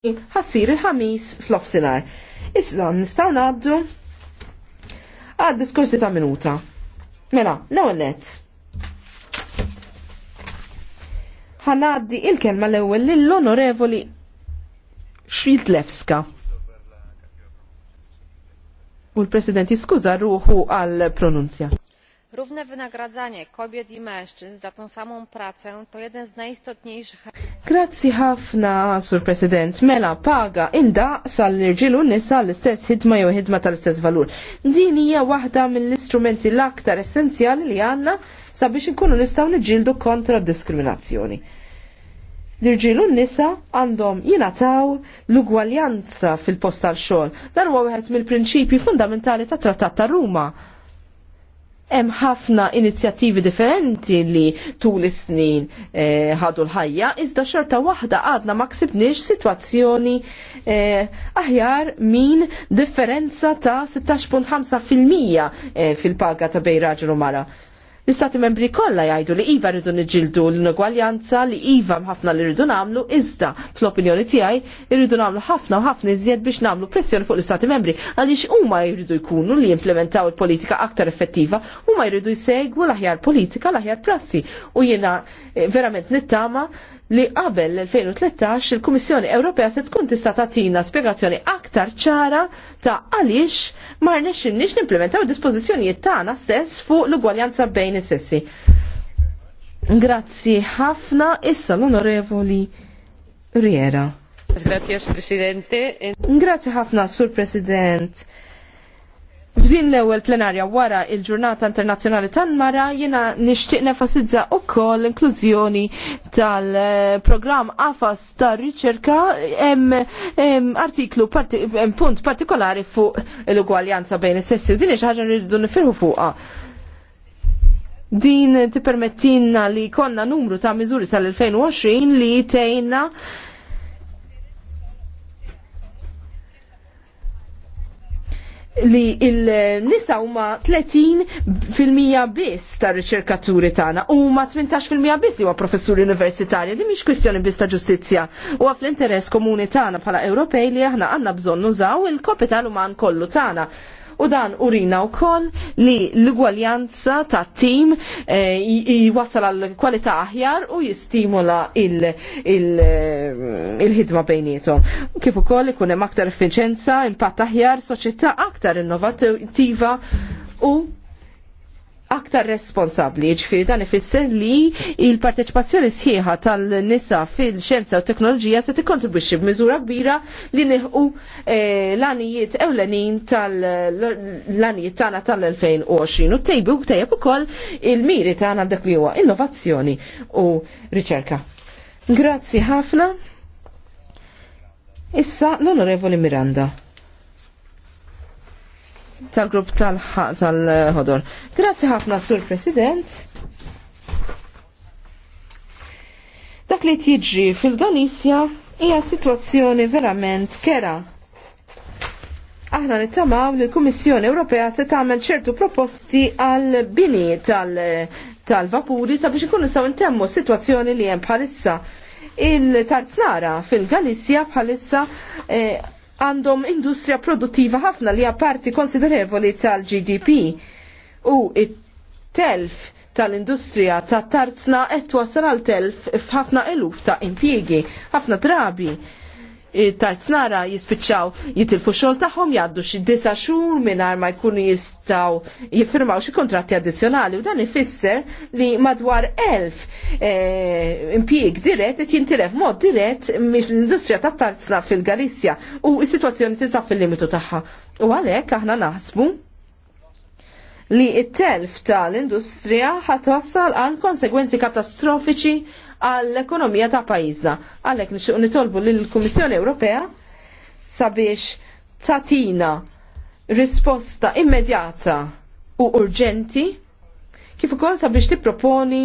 ħassir il-ħamis fl-ofsinar. Issa nistaw naddu għad diskorsi ta' minuta. Mela, l-għonet. ħanaddi il-kelma l-ewel l onorevoli Shridlevska. U l presidenti skuza ruħu għal pronunzja. Równe wynagradzanie kobiet i mężczyzn za tą samą pracę to jeden z najistotniejszych Grazzi ħafna, Sur President. Mela, paga, inda sal-irġilu nisa l-istess hidma jew ħidma tal-istess valur. Din hija waħda mill-istrumenti l-aktar essenzjali li għanna sabiex inkunu nistgħu niġġieldu kontra diskriminazzjoni. L-irġilu nisa għandhom jinataw l-ugwaljanza fil-post tal-xogħol. Dan huwa wieħed mill-prinċipji fundamentali tat-Trattat ta' Ruma Hemm ħafna inizjattivi differenti li tul is-snin eh, ħadu l-ħajja, iżda xorta waħda għadna ma ksibniex sitwazzjoni eh, aħjar min differenza ta' 16.5% eh, fil-paga ta' bej raġel u mara. L-istati membri kollha jgħidu li iva rridu niġildu l-inugwaljanza li iva mħafna li rridu nagħmlu iżda fl-opinjoni tiegħi rridu nagħmlu ħafna u ħafna iżjed biex nagħmlu pressjoni fuq l-istati membri għaliex huma jridu jkunu li jimplementaw il-politika aktar effettiva huma jridu jsegwu l-aħjar politika l-aħjar prassi u jiena eh, verament nittama li qabel l-2013 il-Kummissjoni Ewropea se tkun tista' tagħtina spjegazzjoni aktar ċara ta' għaliex ma rnexxinniex nimplementaw dispożizzjonijiet tagħna stess fuq l-ugwaljanza bejn is-sessi. Grazzi ħafna issa l-Onorevoli Riera. Grazie Presidente. Grazie ħafna Sur President. F'din l-ewwel plenarja wara il-Ġurnata Internazzjonali tan-Mara jiena nixtieq nefasizza wkoll l-inklużjoni tal-programm AFAS tar-riċerka hemm artiklu punt partikolari fuq l-ugwaljanza bejn is-sessi u din xi ħaġa rridu nifirħu fuqha. Din tippermettilna li konna numru ta' miżuri sal-2020 li tejna li il-nisa huma 30% fil-mija biss tar riċerkaturi tagħna u ma 18% biss li huwa professuri universitarji li mhix kwistjoni biss ta' ġustizzja. U għaf l-interess komuni tagħna bħala Ewropej li aħna għandna bżonn nużaw il-kapital uman kollu tagħna u dan urina wkoll li l gwaljanza ta' tim jwassal eh, għal kwalità aħjar u jistimula eh, il-ħidma bejnietom. Kif ukoll ikun hemm aktar effiċenza, impatt aħjar, soċjetà aktar innovattiva u aktar responsabli, ġifiri dan ifisser li il-parteċipazzjoni sħiħa tal-nisa fil-xjenza u teknoloġija se tikkontribwixxi b'miżura kbira li neħu eh, l-anijiet ewlenin tal-anijiet tagħna tal-2020 u tejbu u tejjeb ukoll il-miri tagħna dak li huwa innovazzjoni u riċerka. Grazzi ħafna. Issa l-Onorevoli Miranda tal-grupp tal-ħodor. Grazzi ħafna, Sur President. Dak li tiġri fil-Galizja hija situazzjoni verament kera. Aħna nittamaw li l-Kummissjoni Ewropea se tagħmel ċertu proposti għal bini tal-vapuri tal sabiex ikun nistgħu intemmu situazzjoni li hemm bħalissa. Il-tarznara fil-Galizja bħalissa eh, għandhom industrija produttiva ħafna li parti konsiderevoli tal-GDP u it-telf tal-industrija ta' tarzna qed wasal għal telf f'ħafna eluf ta' impjiegi, ħafna drabi tal-tnara jispiċċaw jitilfu xogħol tagħhom jgħaddu xi disa xhur mingħajr ma jkunu jistgħu jiffirmaw xi kontratti addizzjonali u dan ifisser li madwar elf eh, impjieg dirett qed jintilef mod dirett mill-industrija tat-tarzna fil-Galizja u s-sitwazzjoni tinsab fil-limitu tagħha. U għalhekk aħna naħsbu li it-telf tal-industrija ħatwassal għal konsegwenzi katastrofiċi għall-ekonomija ta' pajjiżna. Għalhekk nixtieq nitolbu lill-Kummissjoni Ewropea sabiex tatina risposta immedjata u urġenti kif ukoll sabiex tipproponi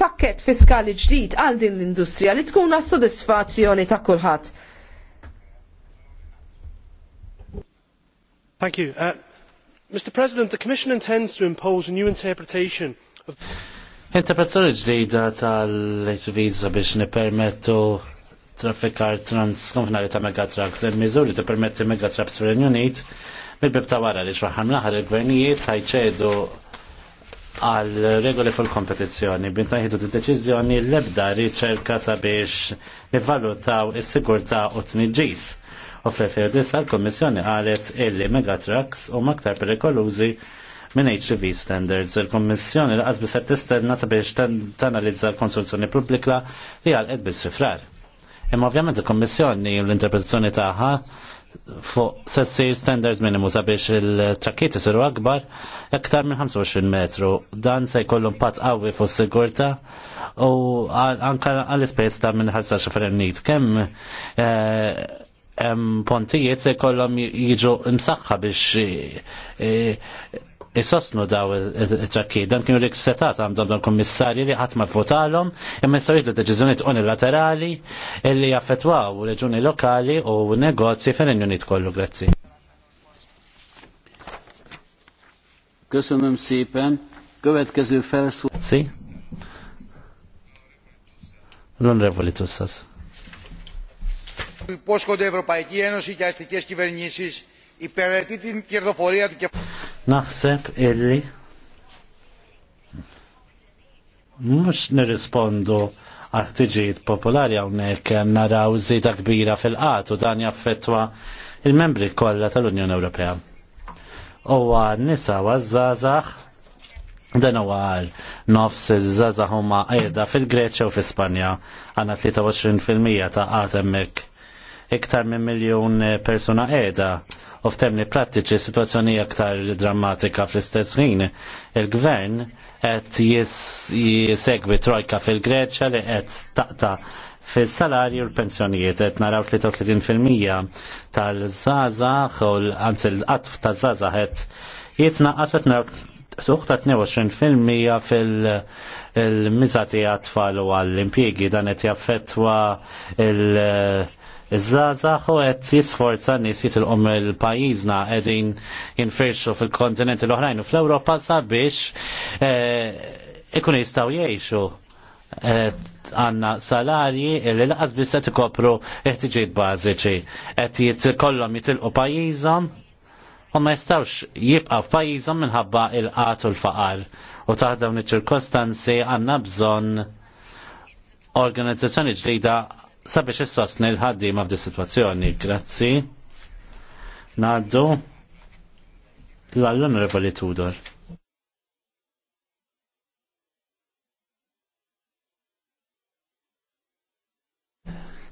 pakket fiskali ġdid għal din l-industrija li tkun għas sodisfazzjoni ta' kulħadd. Thank you. Uh, Mr. President, the Commission intends to impose a new interpretation of Interpretazzjoni ġdida tal-visa biex nipermettu traffikar transkonfinali ta' megatrax. il miżuri li permetti megatrax fil Unit mil-bib ta' wara li xraħam laħar il-gvernijiet ħajċedu għal regoli fil kompetizzjoni bin taħidu d deċiżjoni l-ebda riċerka sabiex nivalutaw is-sigurtà u t-nġis. U fl-2009 l komissjoni għalet illi megatrax u maktar perikolużi minn HIV standards. Il-Kommissjoni laqas bis qed tistenna sabiex tanalizza l-konsultazzjoni pubblika li għalqet biss fi frar. Imma ovvjament il-Kommissjoni u l-interpretazzjoni tagħha fuq sessir standards minimu sabiex il-trakkiet isiru akbar iktar minn 25 metru. Dan se jkollu impatt qawwi fuq sigurta u anka għall-ispejs ta' minn ħarsa xifrennit. Kemm eh, pontijiet se jkollhom jiġu msaħħa biex eh, isosnu daw it-trakki. Dan kienu rik setat għandhom dan kommissari li ħatma votalhom imma jistgħu deċiżjonijiet unilaterali li jaffetwaw reġuni lokali u negozji fejn Unit kollu grazzi. Kusunum sipen, għuvet kazu Következő Si? Non L'onorevole sas. Υπόσχονται Ευρωπαϊκή Ένωση και αστικές κυβερνήσεις υπηρετεί την κερδοφορία του κεφαλαίου. Naħseb illi mux nirrispondu ħtiġijiet popolari hawnhekk naraw zida kbira fil-qat u dan jaffetwa il-membri kollha tal-Unjoni Ewropea. U nisa għazzazax dan huwa għal nofs iż-żazax huma qiegħda fil-Greċja u fl-Ispanja għandna 23% ta' qat hemmhekk iktar minn miljun persuna qiegħda u f'termini prattiċi situazzjoni aktar drammatika fl-istess ħin. Il-gvern qed jisegwi trojka fil-Greċja li qed taqta fil-salarju u l-pensjonijiet qed naraw 33% tal-żgħażagħ u anzi l-qatf taż-żgħażagħ qed jitnaqqas qed naraw tuħ 22% fil-miżati għatfal u għall-impjiegi dan qed jaffettwa il- Iż-żazax u qed jisforza nies jitilqhom il-pajjiżna qegħdin jinfirxu fil-kontinenti l-oħrajn u fl-Ewropa sabiex eh, ikun jistgħu jgħixu għanna salarji li laqas biss qed ikopru ħtiġijiet bażiċi. Qed jitkollhom jitilqu pajjiżhom u ma jistgħux jibqa' f'pajjiżhom minħabba il-qat u l-faqar. U taħdem dawn iċ-ċirkostanzi għandna bżonn organizzazzjoni ġdida sabiex issostni l-ħaddiema f'di situazzjoni. Grazzi. Naddu l-Onorevoli Tudor.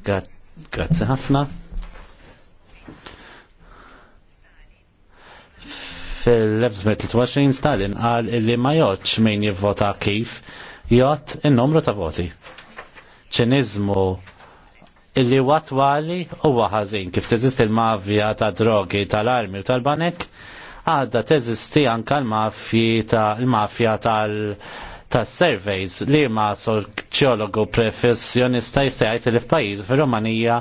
Grazzi ħafna. fil-1923 Stalin għal illi ma jotx min jivvota kif jot il-numru ta' voti. ċinizmu illi watwali huwa ħażin kif teżist il-mafja ta' drogi tal-armi u tal-banek għadda teżisti anka l-mafji ta' l-mafja tal ta' surveys li ma' soċjologu professjonista jistajt li f'pajiz fil-Romanija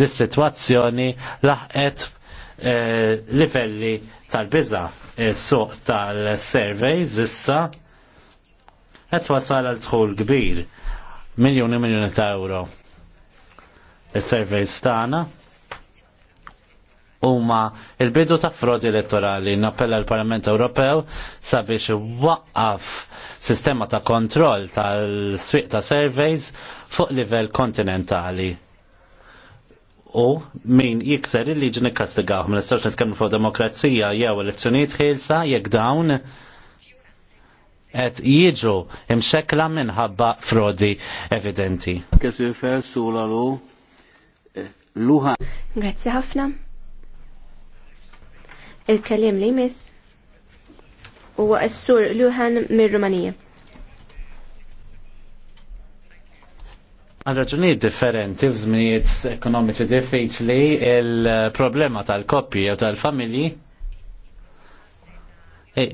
dis-situazzjoni laħqet eh, livelli tal-biza eh, suq tal-surveys issa qed wasal għal tħul kbir miljoni miljoni ta' euro il-surveys tagħna huma il-bidu ta' frodi elettorali nappella l-Parlament Ewropew sabiex waqqaf sistema ta' kontroll tal-swieq ta' surveys fuq livell kontinentali u min jikser il-liġi nikkastigawh ma nistax nitkellmu fuq demokrazija jew elezzjonijiet ħielsa jekk dawn qed jiġu imxekkla minħabba frodi evidenti. Kessu jifel sulalu Luha. Grazzi ħafna. Il-kellim li jmiss huwa s-sur Luhan mir-Rumanija. Għal raġunijiet differenti f'żminijiet ekonomiċi diffiċli il-problema tal-koppji jew tal-familji e,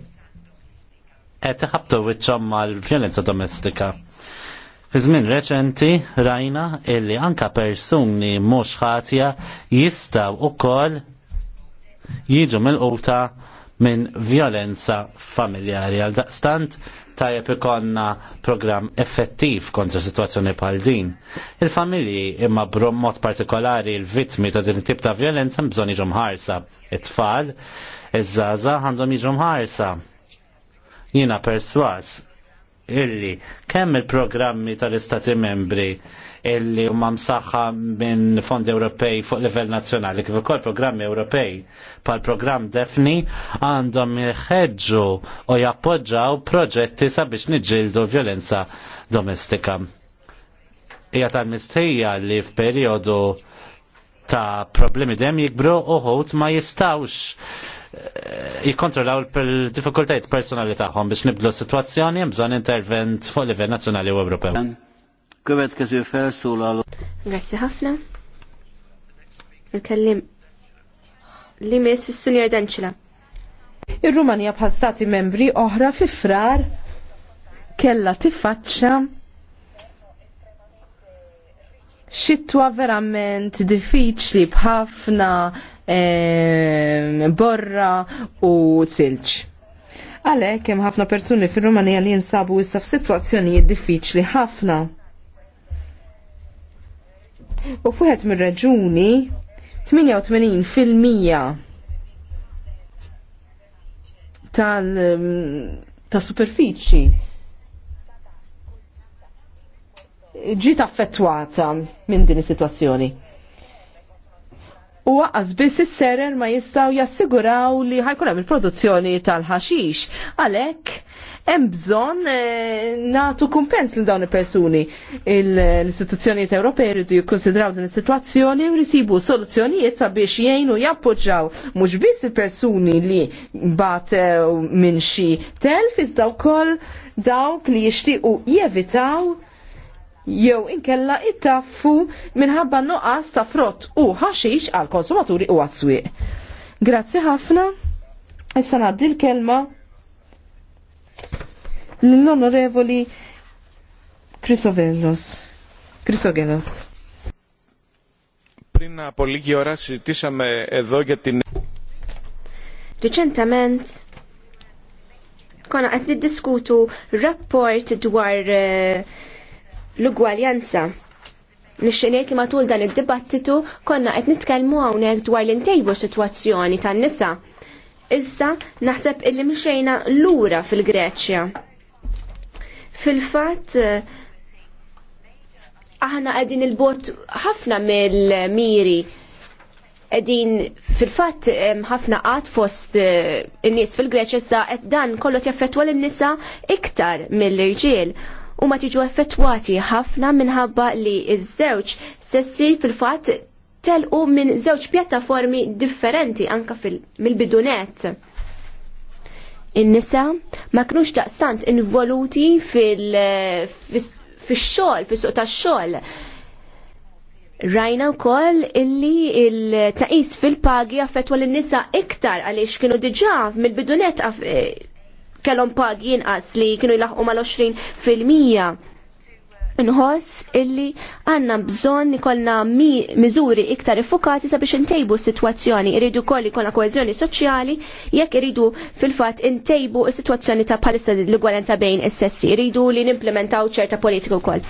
qed iħabtu wiċċhom mal-vjolenza domestika. Fi żmien reċenti rajna illi anka persuni mhux ħatja jistgħu ukoll jiġu mill-quta minn violenza familjari għal daqstant tajjeb ikonna program effettiv kontra situazzjoni bħal din. Il-familji imma b'mod partikolari il-vittmi ta' din tip ta' violenza bżon jiġu mħarsa. It-tfal, iż-żaza għandhom jiġu mħarsa. Jina perswas illi kemm il-programmi tal-Istati membri illi huma msaħħa minn fondi Ewropej fuq livell nazzjonali kif ukoll programmi Ewropej pal programm Defni għandhom jħeġġu u jappoġġaw proġetti sabiex niġġieldu violenza domestika. Hija tal-mistejja li f'perjodu ta' problemi dem jikbru uħut ma jistawx jikontrollaw il-difikultajt personali tagħhom biex nibdlu s-sitwazzjoni bżonn intervent fuq livell nazzjonali u Ewropew. Kubet kazu felsul Grazzi ħafna. Nkellim li miss is sunjer Danċila. Ir-Rumanija bħal stati membri oħra fi frar kella tiffaċċa xitwa verament diffiċli bħafna borra u silġ. Għalhekk hemm ħafna persuni fir-Rumanija li jinsabu issa f'sitwazzjonijiet diffiċli ħafna. U fuħet mir-raġuni 88 fil-mija tal ta' superfiċi ġiet affettwata minn din is-sitwazzjoni. U għaz biss is-serer ma jistaw jassiguraw li ħajkun hemm il-produzzjoni tal-ħaxix. Għalhekk hemm bżonn eh, nagħtu kumpens lil dawn il-persuni. L-istituzzjonijiet Ewropej jridu jikkonsidraw din is-sitwazzjoni u jrisibu soluzzjonijiet sabiex jgħinu jappoġġaw mhux biss il-persuni li batew eh, minn xi telf iżda wkoll dawk li jixtiequ jevitaw jew inkella ittaffu minħabba nuqqas ta' frott u ħaxix għal konsumaturi u għas-swieq. Grazzi ħafna. Issa ngħaddi l-kelma l-onorevoli Krisovellos. Crisogelos. Πριν από λίγη ώρα συζητήσαμε εδώ για την... Reċentament, konna għed diskutu rapport dwar uh, l-ugwaljanza. Nixxeniet li matul dan id-dibattitu konna qed nitkellmu hawnhekk dwar l-intejbu sitwazzjoni tan-nisa. Iżda naħseb illi mxejna lura fil-Greċja. Fil-fatt eh, aħna qegħdin il-bot ħafna mill-miri edin fil-fat eh, ħafna għad fost eh, in-nies fil-Greċja sa dan kollu jaffettwa l-nisa iktar mill-irġiel u ma tiġu effettwati ħafna minħabba li iż-żewġ sessi fil-fatt telqu minn żewġ pjattaformi differenti anka mill-bidunet. In-nisa ma kinux daqstant involuti fil-xogħol, fis-suq tax-xogħol. Rajna wkoll illi il-tnaqis fil-pagi affettwa lin nisa iktar għaliex kienu diġà mill-bidunet kellhom pagi jinqas li kienu jlaħqu mal-20 fil-mija nħoss illi għanna bżon nikolna mi miżuri iktar iffukati sabiex intejbu s-situazzjoni. Iridu kolli kolna koezjoni soċjali, jekk iridu fil-fat intejbu s-situazzjoni ta' palissa l gwalenta bejn is-sessi. Iridu li nimplementaw ċerta politiku kol.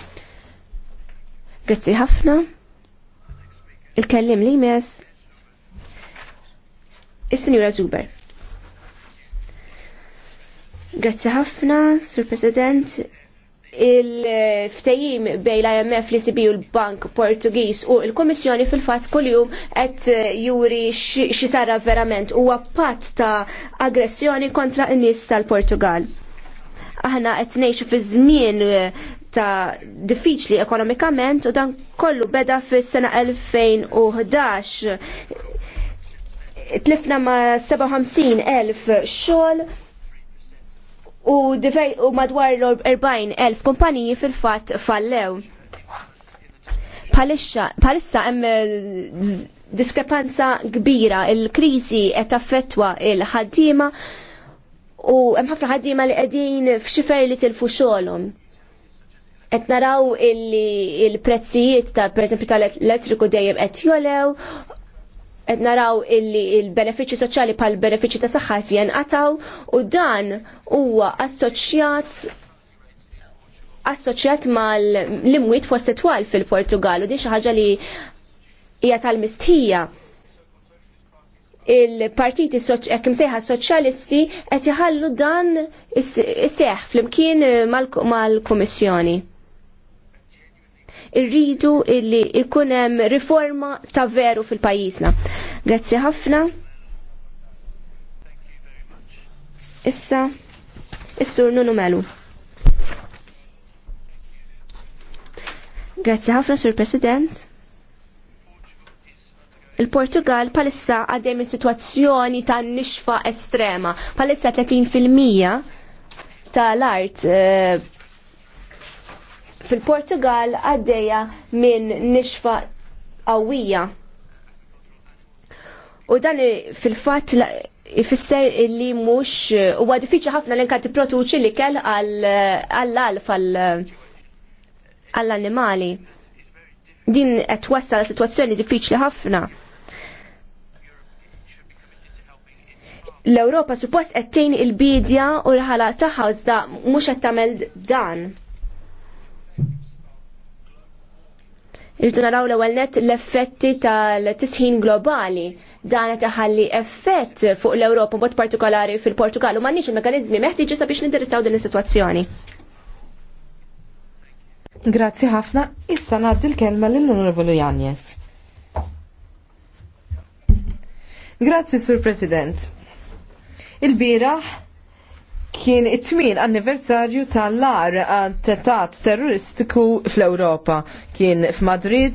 Grazzi ħafna. Il-kellim li mes. Is-Sinjura Zuber. Grazzi ħafna, Sur President. Il-ftejim bej l-IMF li sibi l-Bank Portugis u l komissjoni fil-fat kol-jum għet juri sarra verament u għappat ta' aggressjoni kontra n-nis tal-Portugal. Aħna qed ngħixu fi żmien ta' diffiċli ekonomikament u dan kollu beda fis-sena 2011 tlifna ma' 57 elf xogħol u, diver, u madwar l-40.000 kumpaniji fil-fat fallew. Palissa hemm eh, diskrepanza kbira, il-krizi qed taffettwa il-ħaddiema u hemm ħafna ħaddiema li qegħdin f'xifer li tilfu xogħolhom. Qed naraw il-prezzijiet ta' pereżempju tal-elettriku dejjem qed jolew qed naraw illi il-benefiċċji soċjali pal benefiċċji ta' saħħa jenqataw u dan huwa assoċjat assoċjat mal-imwiet fost twal fil-Portugal u din xi ħaġa li hija tal-mistħija il-partiti kim sejħa soċjalisti qed iħallu dan is-seħ flimkien mal-Kummissjoni irridu illi ikun hemm riforma ta' veru fil-pajjiżna. Grazzi ħafna. Issa, is-sur Nunu Melu. Grazzi ħafna, Sur President il-Portugal palissa għaddej minn situazzjoni ta' nixfa estrema. Palissa 30% tal-art eh, fil-Portugal għaddejja minn nixfa qawwija. U dan fil-fatt ifisser li mhux huwa diffiċli ħafna li nkan tipproduċi li kell għall-alf għall-annimali. Din qed wassal situazzjoni diffiċli ħafna. L-Ewropa suppost qed tgħin il-bidja u l-ħalaq tagħha iżda mhux qed tagħmel dan. Irridu naraw l-ewwel net l-effetti tal-tisħin globali dan qed iħalli effett fuq l-Ewropa mod partikolari fil-Portugal u m'għandniex il-mekkaniżmi meħtieġ sabiex nindirizzaw din is-sitwazzjoni. Grazzi ħafna, issa ngħaddi l-kelma lill-Onorevoli Janjes. Grazzi, Sur President. Il-biraħ kien it-tmin anniversarju tal-lar attentat terroristiku fl-Europa. Kien f'Madrid,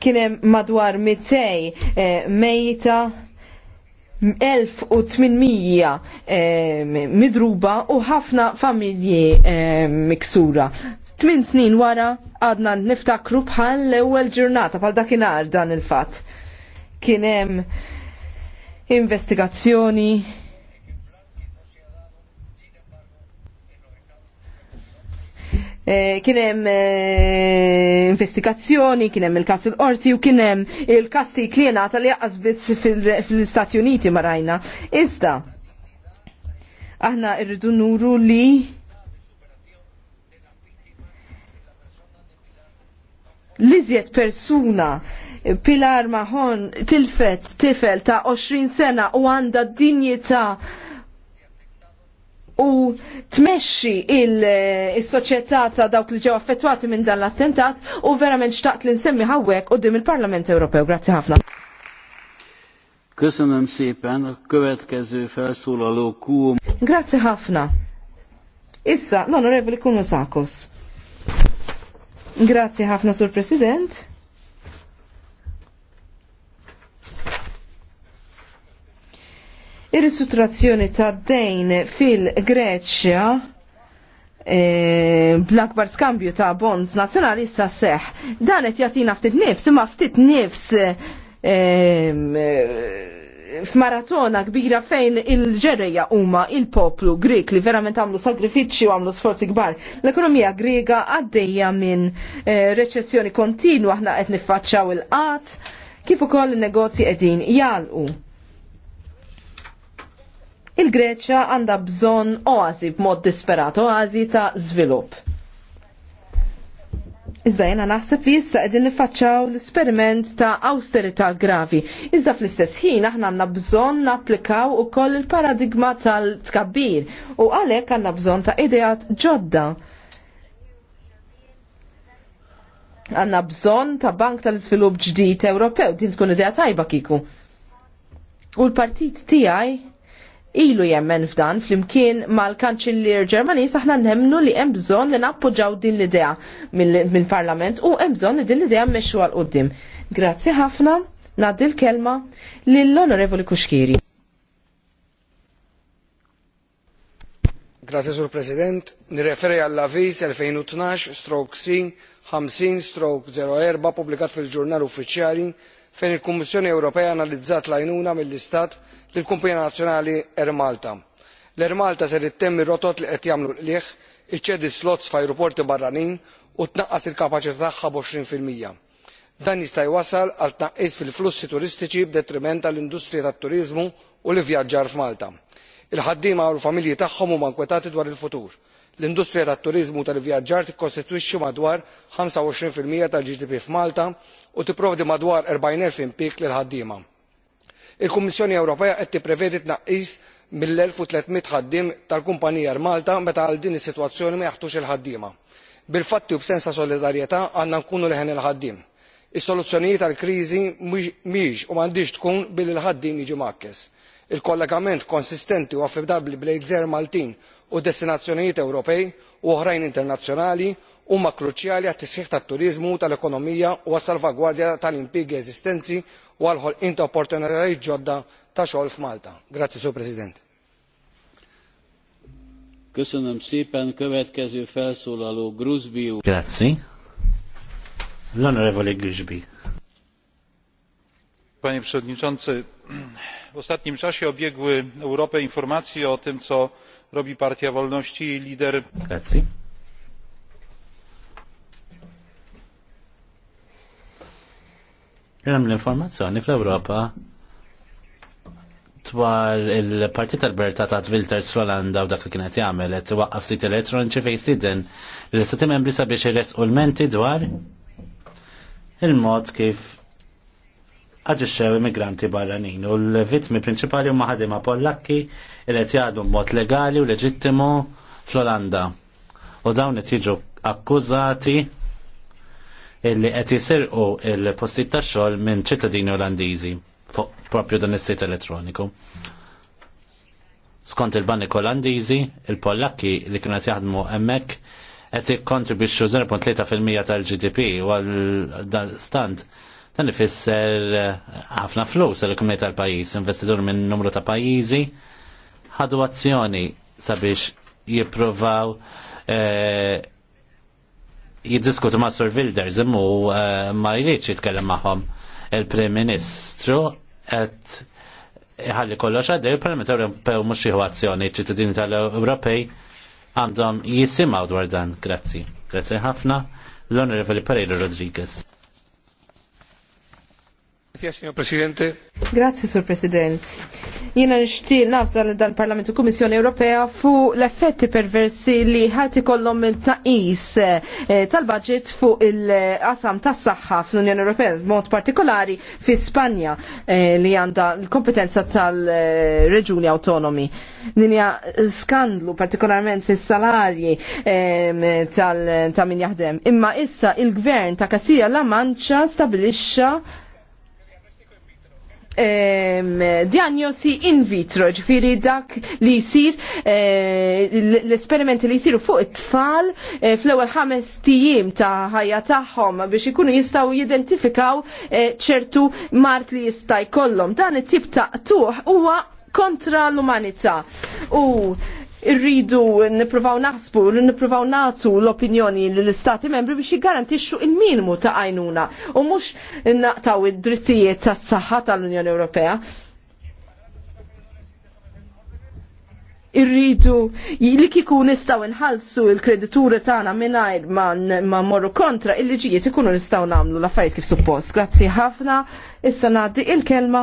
kien hemm madwar 200 eh, mejta 1800 eh, midruba u ħafna familji eh, miksura. Tmin snin wara għadna niftakru bħal l-ewwel ġurnata bħal dakinhar dan il-fatt. Kien hemm investigazzjoni, Eh, kienem eh, investigazzjoni, kienem il-kas il-qorti u kienem il kasti li klienata li jaqqas biss fil-Stati Uniti marajna. Iżda, aħna irridu nuru li liżjed persuna Pilar Mahon tilfet tifel ta' 20 sena u għanda dinjita' u tmexxi il-soċjetà eh, ta' dawk li ġew affettwati minn dan l-attentat u verament xtaqt li nsemmi hawnhekk quddiem il-Parlament Ewropew. Grazzi ħafna. Köszönöm szépen, a következő felszólaló kúm. Grazie ħafna. Issa, l-onorevoli Kumu Sakos. Grazie ħafna, Sur President. ristrutturazzjoni ta' dejn fil-Greċja E, bl-akbar skambju ta' bonds nazjonali issa seħ. Dan qed jagħtina ftit nifs, imma ftit nifs e, e, f'maratona kbira fejn il-ġerreja huma il-poplu Grek li verament għamlu sagrifiċċju u għamlu sforzi kbar. L-ekonomija Grega għaddejja minn e, reċessjoni kontinwa aħna qed niffaċċaw il-qatt kif ukoll in-negozji qegħdin jalqu il-Greċja għandha bżonn oazi b'mod disperat, oazi ta' żvilupp. Iżda jena naħseb li issa qegħdin nifacċaw l-esperiment ta' austerità gravi. Iżda fl-istess ħin aħna għandna bżonn napplikaw ukoll il-paradigma tal-tkabbir u għalhekk għandna bżonn ta' ideat ġodda. Għandna bżonn ta' bank tal-iżvilupp ġdid Ewropew din tkun idea tajba kiku. U l-partit tiegħi ilu jemmen f'dan flimkien mal-kanċillier Ġermaniż aħna nemnu li hemm bżonn li nappoġġaw din l-idea mill-Parlament u hemm bżonn li din l-idea mmexxu għal qudiem. Grazzi ħafna, ngħaddi l-kelma lill-Onorevoli Kuxkiri. Grazie, Sur President. Nirreferi għall-avviż 2012 stroke C 50 stroke 04 pubblikat fil-ġurnal uffiċjali fejn il kummissjoni ewropea analizzat l-għajnuna mill istat lill kumpanija nazzjonali air malta. l air malta ittemm ir rotot li qed jagħmlu qiegħ iċċedi slots f'ajruporti barranin u tnaqqas il kapaċità tagħha b'20 fil-mija. dan jista' jwassal għal tnaqqis fil-flussi turistiċi b'detriment għall industrija tat-turiżmu u l ivvjaġġar f'malta. il ħaddiema u l familji tagħhom huma nkwetati dwar il futur l-industrija tat turiżmu u tal-ivvjaġġar tikkostitwixxi madwar 25% tal-gdp f'malta u tipprovdi madwar 40,000 impjieg lil ħaddiema. il kummissjoni ewropea qed tipprevedi tnaqqis mill 1300 ħaddiem tal kumpanija air malta meta għal din is-sitwazzjoni ma jaħtux il ħaddiema. bil fatti u b'sens ta' solidarjetà għandna nkunu leħen il ħaddiem is-soluzzjonijiet għall kriżi mhix u m'għandhiex tkun billi l ħaddiem jiġi mgħakkes. il kollegament konsistenti u affidabbli bl-gżejjer maltin u destinazzjonijiet ewropej u oħrajn internazzjonali huma kruċjali għat tisħiħ tat turiżmu u tal ekonomija u għas salvagwardja tal impjiegi eżistenti u għal ħolqien ta' opportunitajiet ġodda ta' xogħol f'malta. panie przewodniczący! w ostatnim czasie obiegły europę informacje o tym co robi Partia Wolności i lider. Grazie. Hemm l-informazzjoni fl europa dwar il-Partit tal-Berta ta' Twilter fl-Olanda u dak li kienet jagħmel qed waqqaf sit elettroniċi fejn stiden l-istati membri sabiex irresqu l-menti dwar il-mod kif aġiċċew immigranti barranin u l-vittmi prinċipali huma ħadima Pollakki il qed jgħadu b'mod legali u leġittimu fl-Olanda. U dawn qed jiġu akkużati illi qed jisirqu il-postijiet tax-xogħol minn ċittadini Olandiżi fuq propju dan is-sit elettroniku. Skont il-banik Olandiżi, il-Pollakki li kienu qed jaħdmu hemmhekk qed jikkontribwixxu 0.3% tal-GDP u għal stant Dan ifisser eh, ħafna flus għal komunità tal pajjiż investitur minn numru ta' pajjiżi ħadu azzjoni sabiex jippruvaw eh, jiddiskutu ma' Sir Wilders immu eh, ma jridx jitkellem magħhom il-Prim Ministru qed ħalli kollox għaddej il-Parlament Ewropew mhux jieħu azzjoni ċittadini tal-Ewropej għandhom jisimgħu dwar dan. Grazzi. Grazzi ħafna. L-Onorevoli Pereira Rodriguez. Grazie, Sur President. Jena nishti nafza li dan Parlamentu Kummissjoni Ewropea fu l-effetti perversi li ħati kollom il-taqis eh, tal-budget fu il-qasam tas saħħa fl-Unjoni Ewropea, mod partikolari fi Spanja eh, li għanda l-kompetenza tal-reġuni autonomi. hija skandlu partikolarment fis salarji eh, tal-min jaħdem. Imma issa il-gvern ta' Kassija la Mancha stabilixxa diagnosi in vitro, ġifiri dak li jisir eh, l-esperimenti li jisiru fuq it-tfal eh, fl-ewwel ħames tijim ta' ħajja tagħhom biex ikunu jistgħu jidentifikaw eh, ċertu mart li jista' jkollhom. Dan it-tip ta' tuħ huwa kontra l-umanità. U irridu nippruvaw naħsbu, nippruvaw nagħtu l-opinjoni lill istati membri biex jiggarantixxu il-minimu ta' għajnuna u mhux naqtaw id-drittijiet tas-saħħa tal-Unjoni Ewropea. irridu li kiku nistaw nħalsu il-kredituri tagħna mingħajr ma morru kontra il-liġijiet ikunu nistaw nagħmlu l-affarijiet kif suppost. Grazzi ħafna. Issa ngħaddi il-kelma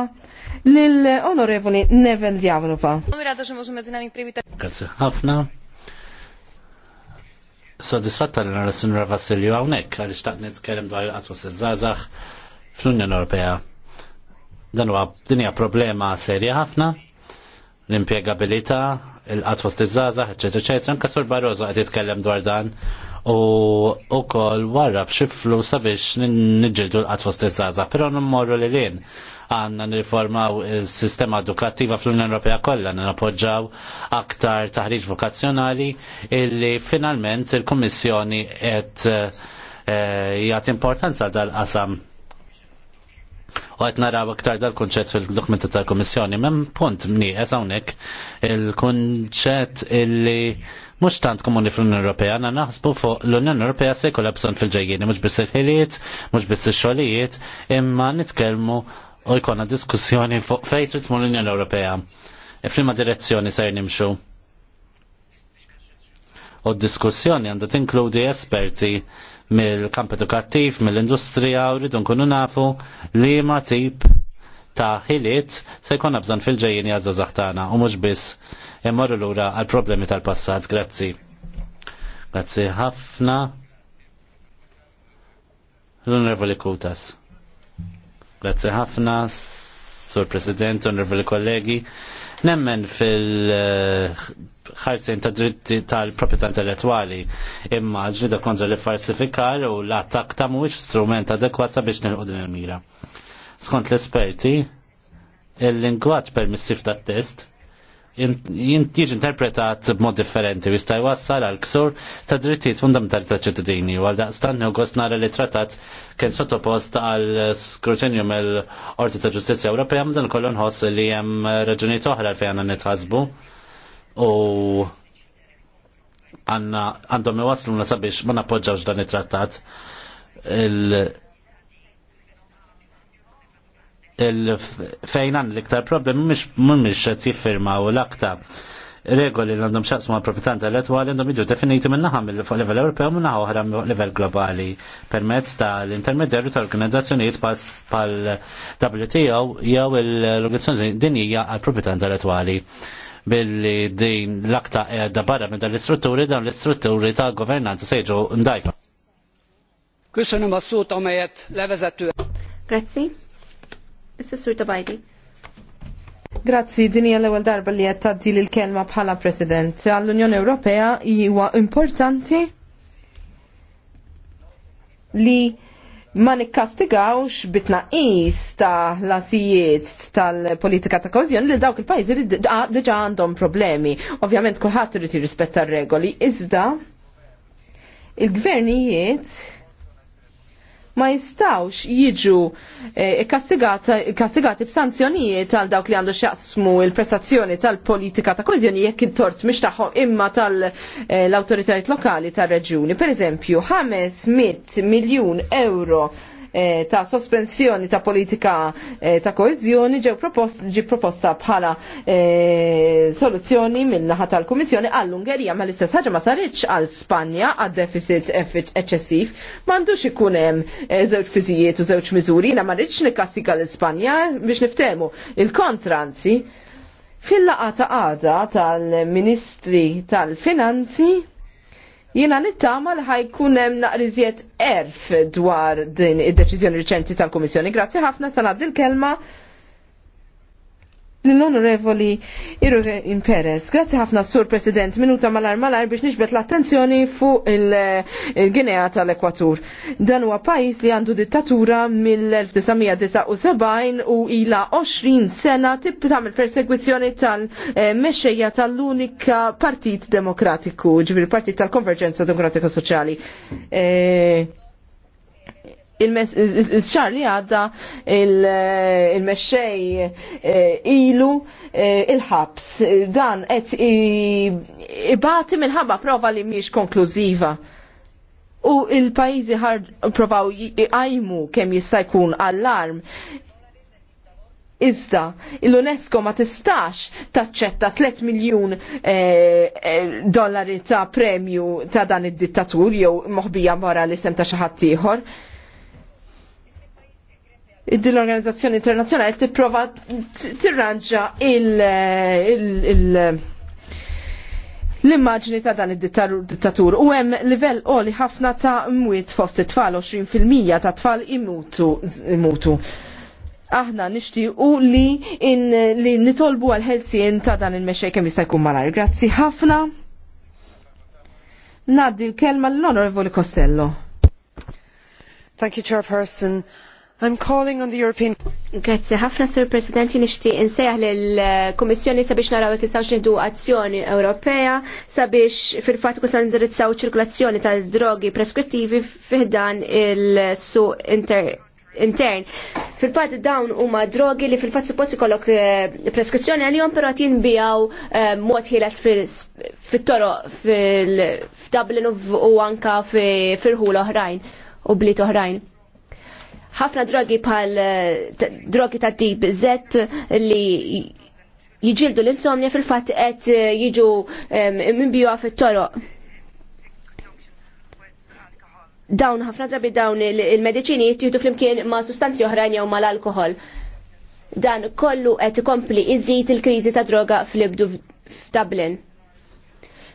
lill-Onorevoli Nevel Djavrova. Grazie ħafna. Sodisfatta li nara Sinra Vassilju għawnek, għalli taqt nitkellem dwar il-qatwas iż-żgħażagħ fl-Unjoni Ewropea. Dan huwa dinja problema serja ħafna l-impjegabilità, l-għatwas iż-żgħażagħ, eccetera, eccetera. Nkasur Sur Barroso qed jitkellem dwar dan u wkoll warra xi flus sabiex nġildu l qatfu fost Pero n però mmorru lil għanna għandna nirriformaw is-sistema edukattiva fl-Unjoni Ewropea kollha n-appoġġaw aktar taħriġ vokazzjonali illi finalment il-Kummissjoni qed eh, jgħat importanza dal-qasam U għet naraw aktar dal-konċett fil-dokumenti tal-Komissjoni, mem punt mni, hawnhekk il-konċett illi mhux tant komuni fl-Unjoni Ewropea, għanna naħsbu fuq l-Unjoni Ewropea se jkollha bżonn fil-ġejjieni mhux biss il-ħiliet, mhux biss il xogħlijiet imma nitkellmu u jkollna diskussjoni fuq fejn trid l-Unjoni Ewropea. E f'liema direzzjoni se nimxu u diskussjoni għandha tinkludi esperti mill-kamp edukattiv, mill-industrija u rridu nkunu nafu li ma tip ta' ħiliet se jkun bżonn fil-ġejjin jazza zaħtana u mhux biss l lura għal problemi tal-passat. Grazzi. Grazzi ħafna. L-Onorevoli Kutas. Grazzi ħafna, Sur President, Onorevoli Kollegi. Nemmen fil-ħarsin ta' dritti tal-proprietà intellettuali imma ġlida kontra li falsifikar u l-attak ta' mhuwiex strument adekwata biex nilqu din il-mira. Skont l-esperti, il-lingwaġġ permissif tat-test jiġi interpretat b'mod differenti u jista' jwassal għal ksur ta' drittijiet fundamentali ta' ċittadini u għal daqstan gost nara li trattat kien sottopost għal skrutinju mill-Qorti ta' Ġustizzja Ewropea dan kollu nħoss li hemm raġuni oħra fejn għandna nitħasbu u għandhom jwasslu sabiex ma napoġġawx dan it-trattat fejn għan l-iktar problemi mhumiex qed jiffirmaw l-akta regoli li għandhom xaqs ma' proprietan tal-etwali għandhom jiġu definiti minnaħa mill-fuq level Ewropew minnaħa oħra level globali permezz tal-intermedjarju tal-organizzazzjonijiet pal WTO jew l-organizzazzjoni dinija għal proprietan tal-etwali billi din l-akta qiegħda barra minn dal-istrutturi dawn l-istrutturi ta' governanza se jiġu ndajfa. Köszönöm a szót, amelyet levezető. Grazie. Is-sessur Tabajdi. Grazzi, din hija l-ewwel darba li qed tgħaddi l kelma bħala President. Għall-Unjoni Ewropea huwa importanti li ma nikkastigawx bitnaqis ta' lasijiet tal-politika ta' kozjon li dawk il pajzi li diġà għandhom problemi. Ovvjament kulħadd irid jirrispetta r-regoli, iżda il-gvernijiet ma jistawx jiġu eh, kastigati b'sanzjonijiet għal dawk li għandu xasmu il-prestazzjoni tal-politika ta' kozjoni jekk intort mish tagħhom imma tal-awtoritajiet eh, lokali tar-reġjuni. Per eżempju, 500 miljun euro Eh, ta' sospensjoni ta' politika eh, ta' koezjoni ġew propost, ġi proposta bħala eh, soluzzjoni mill-naħa tal-Kummissjoni għall-Ungerija ma l-istess ħaġa ma saritx għal Spanja għad deficit eċċessiv m'għandux ikun hemm żewġ fiżijiet u żewġ miżuri, ma rridx nikkassika l-Ispanja biex niftemu il-kontranzi fil laqgħa ta' għada tal-Ministri tal-Finanzi Jiena nittama li ħajkun hemm naqriżiet erf dwar din id-deċiżjoni riċenti tal-Kummissjoni. Grazzi ħafna sanad il l-kelma l-onorevoli Irugin Perez. Grazie ħafna sur President, minuta malar malar biex nixbet l-attenzjoni fuq il-Ginea tal-Ekwatur. Dan huwa pajis li għandu dittatura mill-1979 u ila 20 sena tip tagħmel perseguizzjoni tal-mexxejja tal-unika partit demokratiku, ġifieri partit tal-Konverġenza Demokratika Soċjali. Eh, il-xar li għadda il-mexxej eh, ilu eh, il-ħabs. Dan qed ibati minħabba prova li mhix konklużiva. U il-pajjiżi ħar provaw jqajmu kemm jista' jkun allarm Iżda, l-UNESCO ma tistax taċċetta 3 miljun eh, dollari ta' premju ta' dan id-dittatur jew moħbija mara li sem ta' xi ħadd ieħor din l-organizzazzjoni internazzjonali tipprova tirranġa il- l-immaġni ta' dan id-dittatur u hemm livell qoli ħafna ta' mwiet fost it-tfal 20% ta' tfal imutu. imutu. Aħna nixtiequ li in, li nitolbu għal ħelsien ta' dan il-mexej kemm jista' jkun malajr. Grazzi ħafna. Naddi l-kelma l-Onorevoli Costello. Thank you, Chairperson. I'm calling on the European Grazie ħafna Sur President nixtieq insejħ lill-Kummissjoni eh, sabiex naraw jekk jistgħux nieħdu azzjoni Ewropea sabiex fil-fatt kull indirizzaw ċirkulazzjoni tal-drogi preskrittivi fiħdan il-suq intern. Fil-fatt dawn huma drogi li fil-fatt suppost ikollok eh, preskrizzjoni għalihom però qed jinbijaw eh, mod ħieles fit-toroq f'Dublin u anka fil-ħul oħrajn u bliet oħrajn ħafna drogi bħal eh, drogi ta' tip Z li jiġildu l-insomnia fil-fatt qed eh, jiġu minbijuha fit-toroq. Dawn ħafna drabi dawn il-mediċini jittieħdu flimkien ma' sustanzi oħrajn jew mal-alkohol. Dan kollu qed ikompli iżid il-kriżi ta' droga fl-ibdu f'Dublin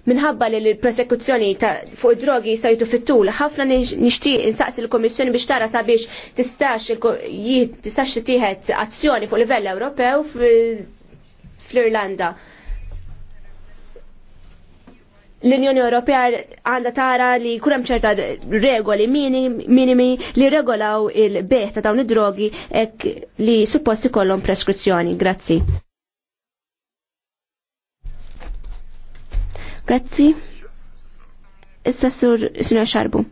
minħabba li l-persekuzzjoni fuq id-drogi sajtu fit-tul. Ħafna nixtieq insaqsi l-Kummissjoni biex tara sabiex tistax tistax tieħed azzjoni fuq livell Ewropew fl-Irlanda. L-Unjoni Ewropea għandha tara li jkun hemm ċerta regoli minimi li regolaw il-beħ ta' dawn id-drogi ek li suppost ikollhom preskrizzjoni. Grazzi. Grazzi. Issa sur Sinja Xarbu.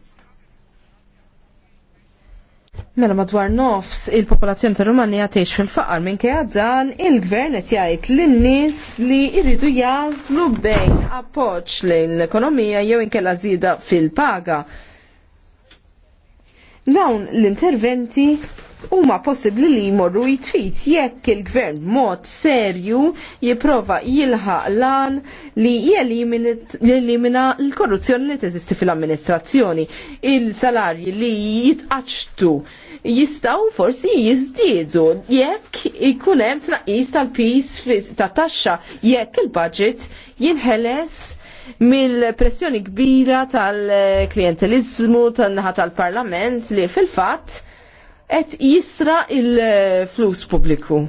Mela madwar nofs il-popolazzjoni ta' Rumanija tgħix fil-faqar minkejja dan il-gvern qed jgħid lin-nies li jridu jażlu bejn appoġġ lejn l-ekonomija jew inkella żieda fil-paga dawn l-interventi huma possibbli li jmorru jitfit jekk il-gvern mod serju jipprova jilħaq lan li jelimina l-korruzzjoni li teżisti fil-amministrazzjoni. Il-salarji li jitqaċtu jistaw forsi jizdiedu jekk ikun hemm tnaqqis tal-pis ta' taxxa jekk il-budget jinħeles mill-pressjoni kbira tal-klientelizmu tan-naħa tal-Parlament li fil-fatt qed jisra il-flus pubbliku.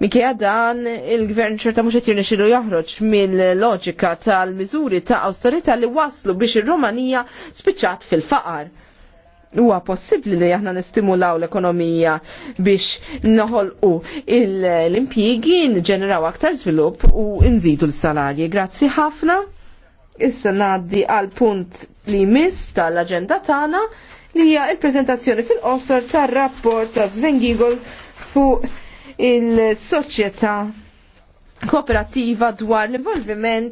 Minkejja dan il-gvern ċerta mhux qed xilu joħroġ mill-loġika tal-miżuri ta' austerita li waslu biex ir-Rumanija spiċċat fil-faqar huwa possibbli li aħna nistimulaw l-ekonomija biex noħolqu l-impjigi, nġeneraw aktar żvilupp u nżidu l-salarji. Grazzi ħafna. Issa ngħaddi għal punt li miss tal-aġenda tagħna li hija l-preżentazzjoni fil-qosor tar-rapport ta' Sven Giegel fuq il-soċjetà kooperativa dwar l-involviment